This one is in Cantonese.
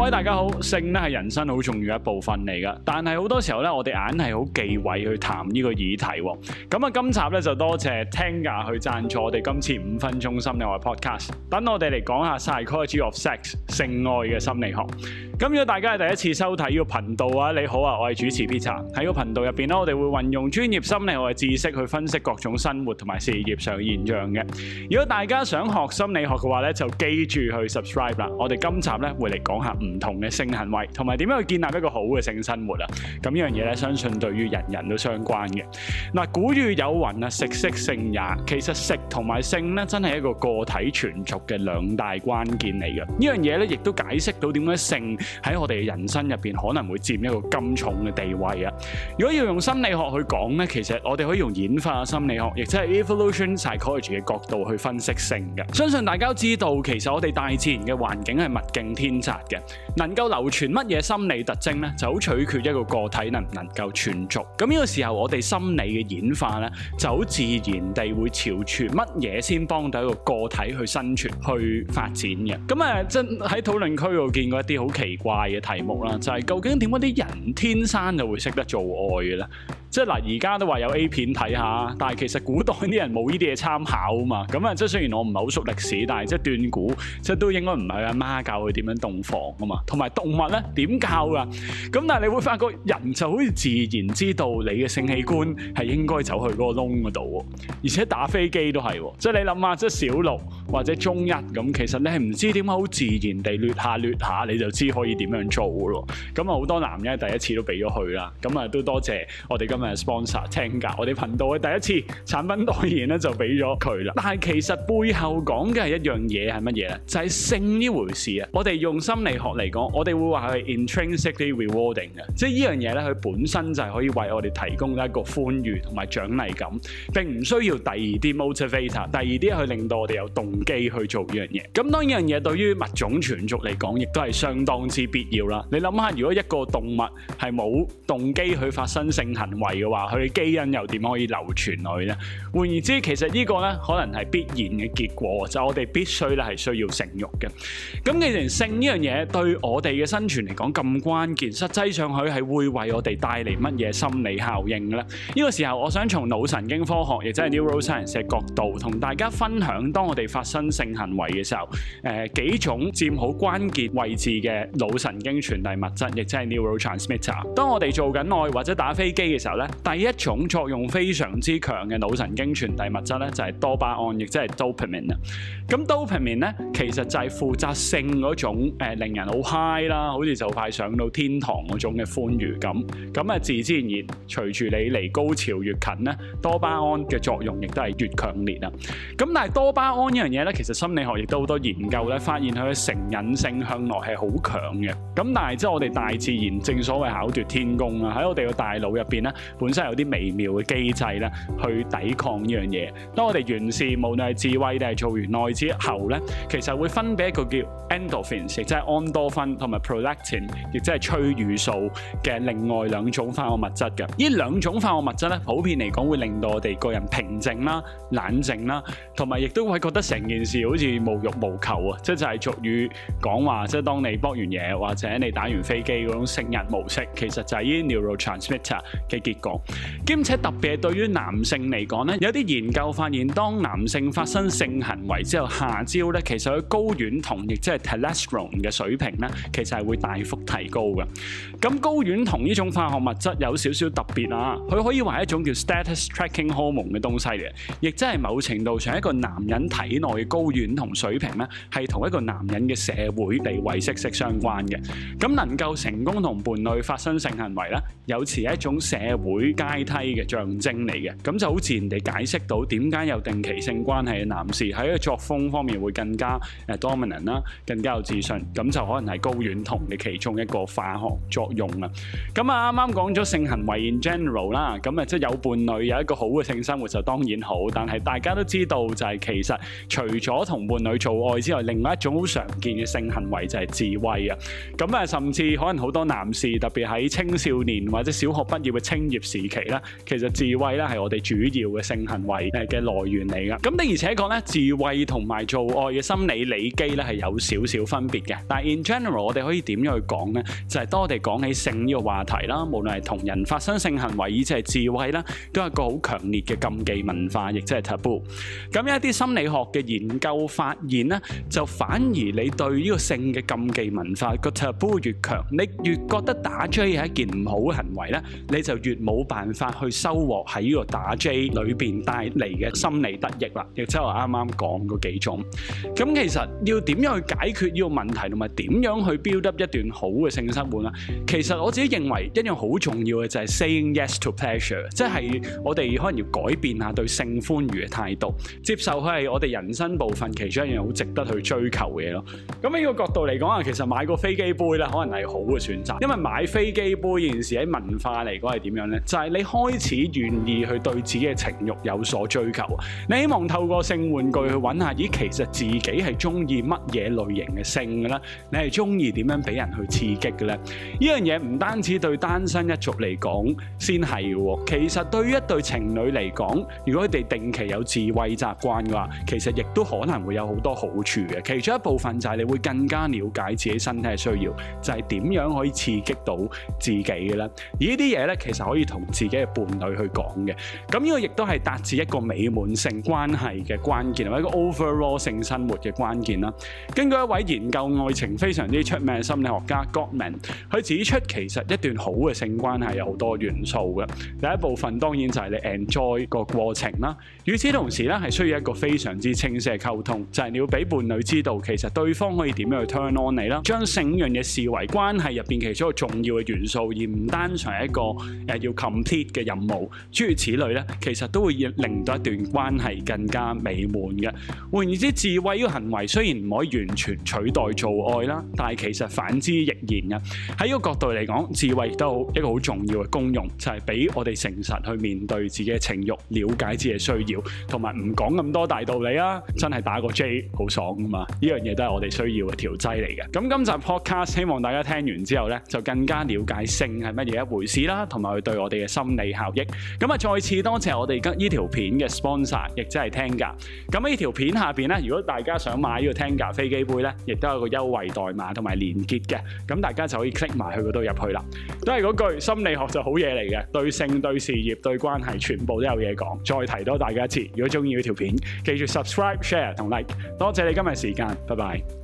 各位大家好，性咧，係人生好重要的一部分嚟噶，但係好多時候咧，我哋硬係好忌諱去談呢個議題。咁啊，今集咧就多謝 TENGA 去贊助我哋今次五分鐘心理學 podcast，等我哋嚟講下《Psychology of Sex》性愛嘅心理學。咁如果大家係第一次收睇呢個頻道啊，你好啊，我係主持 Peter，喺個頻道入邊咧，我哋會運用專業心理學嘅知識去分析各種生活同埋事業上嘅現象嘅。如果大家想學心理學嘅話咧，就記住去 subscribe 啦。我哋今集咧會嚟講下。唔同嘅性行為，同埋點樣去建立一個好嘅性生活啊？咁呢樣嘢咧，相信對於人人都相關嘅。嗱，古語有云啊，食色性也。其實食同埋性咧，真係一個個體存續嘅兩大關鍵嚟嘅。這樣呢樣嘢咧，亦都解釋到點解性喺我哋人生入邊可能會佔一個咁重嘅地位啊！如果要用心理學去講咧，其實我哋可以用演化心理學，亦即係 evolution psychology 嘅角度去分析性嘅。相信大家知道，其實我哋大自然嘅環境係物競天擇嘅。能夠流傳乜嘢心理特徵呢？就好取決一個個體能唔能夠存續。咁呢個時候，我哋心理嘅演化呢，就好自然地會朝住乜嘢先幫到一個個體去生存、去發展嘅。咁啊，真喺討論區度見過一啲好奇怪嘅題目啦，就係究竟點解啲人天生就會識得做愛嘅呢？即係嗱，而家都話有 A 片睇下，但係其實古代啲人冇呢啲嘢參考啊嘛，咁啊，即係雖然我唔係好熟歷史，但係即係斷估，即都應該唔係阿媽教佢點樣洞房啊嘛，同埋動物咧點教㗎？咁但係你會發覺人就好似自然知道你嘅性器官係應該走去嗰個窿嗰度喎，而且打飛機都係喎，即你諗下，即小六。或者中一咁，其實你係唔知點好自然地掠下掠下，你就知可以點樣做咯。咁啊好多男人第一次都俾咗佢啦。咁啊都多謝我哋今日 sponsor TENGA 㗎，我哋頻道嘅第一次產品代言咧就俾咗佢啦。但係其實背後講嘅係一樣嘢係乜嘢咧？就係性呢回事啊！我哋用心理學嚟講，我哋會話係 intrinsically rewarding 嘅，即係呢樣嘢咧，佢本身就係可以為我哋提供一個歡愉同埋獎勵感，並唔需要第二啲 motivator，第二啲去令到我哋有動機去做呢樣嘢，咁當呢樣嘢對於物種存續嚟講，亦都係相當之必要啦。你諗下，如果一個動物係冇動機去發生性行為嘅話，佢嘅基因又點可以流傳落去呢？換言之，其實呢個呢可能係必然嘅結果，就是，我哋必須咧係需要性欲嘅。咁既然性呢樣嘢對我哋嘅生存嚟講咁關鍵，實際上佢係會為我哋帶嚟乜嘢心理效應嘅呢？呢、呢個時候，我想從腦神經科學，亦即係 neuroscience 嘅角度，同大家分享，當我哋發生身性行為嘅時候，誒、呃、幾種佔好關鍵位置嘅腦神經傳遞物質，亦即係 neurotransmitter。當我哋做緊愛或者打飛機嘅時候咧，第一種作用非常之強嘅腦神經傳遞物質咧，就係多巴胺，亦即係 dopamine 啦。咁 dopamine 咧，其實就係負責性嗰種、呃、令人好 high，好 high 啦，好似就快上到天堂嗰種嘅歡愉感。咁啊，自自然然，隨住你離高潮越近咧，多巴胺嘅作用亦都係越強烈啊。咁但係多巴胺因為嘢咧，其實心理學亦都好多研究咧，發現佢嘅成癮性向來係好強嘅。咁但係即係我哋大自然正所謂巧奪天工啊，喺我哋嘅大腦入邊咧，本身有啲微妙嘅機制咧，去抵抗呢樣嘢。當我哋完事，無論係自慰定係做完愛之後咧，其實會分泌一個叫 endorphins，即係安多芬同埋 prolactin，亦即係催乳素嘅另外兩種化學物質嘅。呢兩種化學物質咧，普遍嚟講會令到我哋個人平靜啦、冷靜啦，同埋亦都會覺得成件事好似無慾無求啊，即就係俗語講話，即係當你搏完嘢或者你打完飛機嗰種生日模式，其實就係 neurotransmitter 嘅結果。兼且特別對於男性嚟講咧，有啲研究發現當男性發生性行為之後，下焦咧其實佢睾丸酮亦即係 testosterone 嘅水平咧，其實係會大幅提高嘅。咁睾丸酮呢種化學物質有少少特別啊，佢可以話係一種叫 status tracking hormone 嘅東西嚟嘅，亦即係某程度上一個男人體內。外高遠同水平咧，係同一個男人嘅社會地位息息相關嘅。咁能夠成功同伴侶發生性行為咧，有似一種社會階梯嘅象徵嚟嘅。咁就好自然咁解釋到，點解有定期性關係嘅男士喺個作風方面會更加誒 dominant 啦，更加有自信。咁就可能係高遠同嘅其中一個化學作用啊。咁啊，啱啱講咗性行為 in general 啦，咁啊，即係有伴侶有一個好嘅性生活就當然好。但係大家都知道就係其實。除咗同伴侶做愛之外，另外一種好常見嘅性行為就係自慰啊！咁啊，甚至可能好多男士，特別喺青少年或者小學畢業嘅青葉時期咧，其實自慰咧係我哋主要嘅性行為誒嘅來源嚟噶。咁的而且確咧，自慰同埋做愛嘅心理理機咧係有少少分別嘅。但係 in general，我哋可以點樣去講咧？就係當我哋講起性呢個話題啦，無論係同人發生性行為，亦即係自慰啦，都係一個好強烈嘅禁忌文化，亦即係 taboo。咁一啲心理學嘅。研究發現咧，就反而你對呢個性嘅禁忌文化個 taboo 越強，你越覺得打 J 係一件唔好嘅行為咧，你就越冇辦法去收穫喺呢個打 J 裏邊帶嚟嘅心理得益啦。亦即係我啱啱講嗰幾種。咁其實要點樣去解決呢個問題，同埋點樣去 build up 一段好嘅性生活啊？其實我自己認為一樣好重要嘅就係 saying yes to pleasure，即係我哋可能要改變下對性歡愉嘅態度，接受佢係我哋人身部分，其中一樣好值得去追求嘅嘢咯。咁呢個角度嚟講啊，其實買個飛機杯咧，可能係好嘅選擇，因為買飛機杯現時喺文化嚟講係點樣呢？就係、是、你開始願意去對自己嘅情慾有所追求，你希望透過性玩具去揾下，咦，其實自己係中意乜嘢類型嘅性嘅呢？你係中意點樣俾人去刺激嘅呢？呢樣嘢唔單止對單身一族嚟講先係喎，其實對於一對情侶嚟講，如果佢哋定期有自慰習慣嘅話，其實亦都可能會有好多好處嘅，其中一部分就係你會更加了解自己身體嘅需要，就係點樣可以刺激到自己嘅咧。而呢啲嘢咧，其實可以同自己嘅伴侶去講嘅。咁呢個亦都係達至一個美滿性關係嘅關鍵，或者一個 overall 性生活嘅關鍵啦。根據一位研究愛情非常之出名嘅心理學家 Gottman，佢指出其實一段好嘅性關係有好多元素嘅。第一部分當然就係你 enjoy 個過程啦。與此同時咧，係需要一個非常之清晰成日溝通，就係你要俾伴侶知道，其實對方可以點樣去 turn on 你啦。將成樣嘢視為關係入邊其中一個重要嘅元素，而唔單純係一個誒要 complete 嘅任務。諸如此類咧，其實都會令到一段關係更加美滿嘅。換言之，自慰嘅行為雖然唔可以完全取代做愛啦，但係其實反之亦然嘅。喺呢個角度嚟講，自慰亦都好一個好重要嘅功用，就係俾我哋誠實去面對自己嘅情慾，瞭解自己嘅需要，同埋唔講咁多大道理啊。真係打個 J 好爽噶嘛！呢樣嘢都係我哋需要嘅調劑嚟嘅。咁今集 podcast 希望大家聽完之後咧，就更加了解性係乜嘢一回事啦，同埋佢對我哋嘅心理效益。咁啊，再次多謝我哋而家呢條片嘅 sponsor，亦即係 TENGA。咁喺呢條片下面咧，如果大家想買呢個 TENGA 飛機杯咧，亦都有個優惠代碼同埋連結嘅。咁大家就可以 click 埋去嗰度入去啦。都係嗰句，心理學就好嘢嚟嘅，對性、對事業、對關係，全部都有嘢講。再提多大家一次，如果鍾意呢條片，記住 subscribe、share 同 like。多謝你今日時間，拜拜。